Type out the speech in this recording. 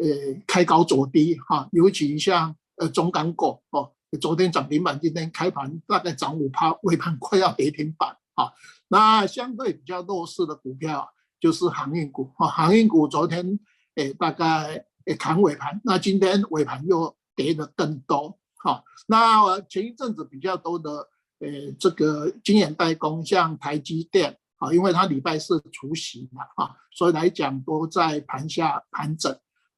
誒，開高走低，尤其像中鋼股哦，昨天漲停板，今天開盤大概漲五趴，尾盤快要跌停板啊。那相對比較弱勢的股票，就是航運股哦，航運股昨天誒大概誒砍尾盤，那今天尾盤又跌得更多啊。那前一陣子比較多的誒，這個晶圓代工，像台積電啊，因為它禮拜四除息嘛，所以來講都在盤下盤整。